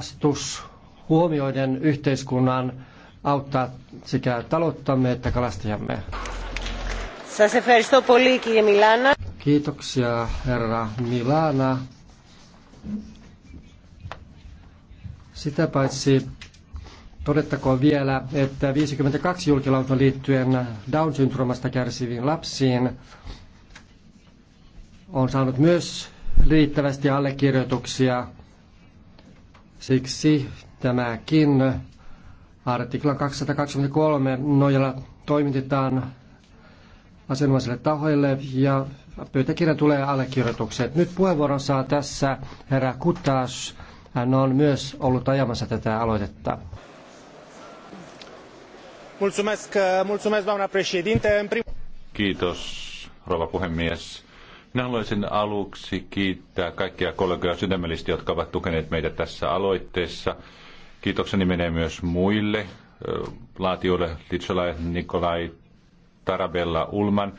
kalastus huomioiden yhteiskunnan auttaa sekä talouttamme että kalastajamme. Kiitoksia herra Milana. Sitä paitsi todettakoon vielä, että 52 julkilauta liittyen Down-syndroomasta kärsiviin lapsiin on saanut myös riittävästi allekirjoituksia Siksi tämäkin artikla 223 nojalla toimitetaan asianomaisille tahoille ja pöytäkirja tulee allekirjoitukset. Nyt puheenvuoron saa tässä herra Kutas. Hän on myös ollut ajamassa tätä aloitetta. Mulțumesc, mulțumesc, doamna președinte. Kiitos, rouva puhemies. Minä haluaisin aluksi kiittää kaikkia kollegoja sydämellisesti, jotka ovat tukeneet meitä tässä aloitteessa. Kiitokseni menee myös muille laatijoille Litsolai, Nikolai, Tarabella, Ulman.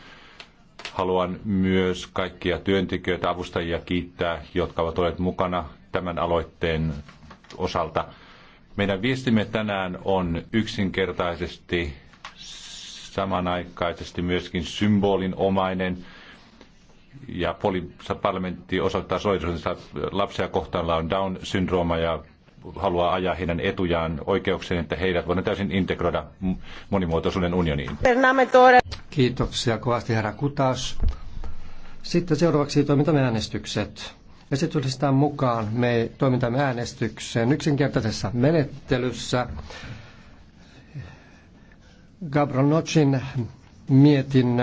Haluan myös kaikkia työntekijöitä, avustajia kiittää, jotka ovat olleet mukana tämän aloitteen osalta. Meidän viestimme tänään on yksinkertaisesti samanaikaisesti myöskin symbolin omainen ja poli, parlamentti osoittaa solidarisuutensa lapsia kohtaan, on Down-syndrooma ja haluaa ajaa heidän etujaan oikeuksien, että heidät voidaan täysin integroida monimuotoisuuden unioniin. Kiitoksia kovasti herra Kutas. Sitten seuraavaksi toimintamme äänestykset. Esityslistan mukaan me toimintamme äänestykseen yksinkertaisessa menettelyssä. Gabralnocin mietinnön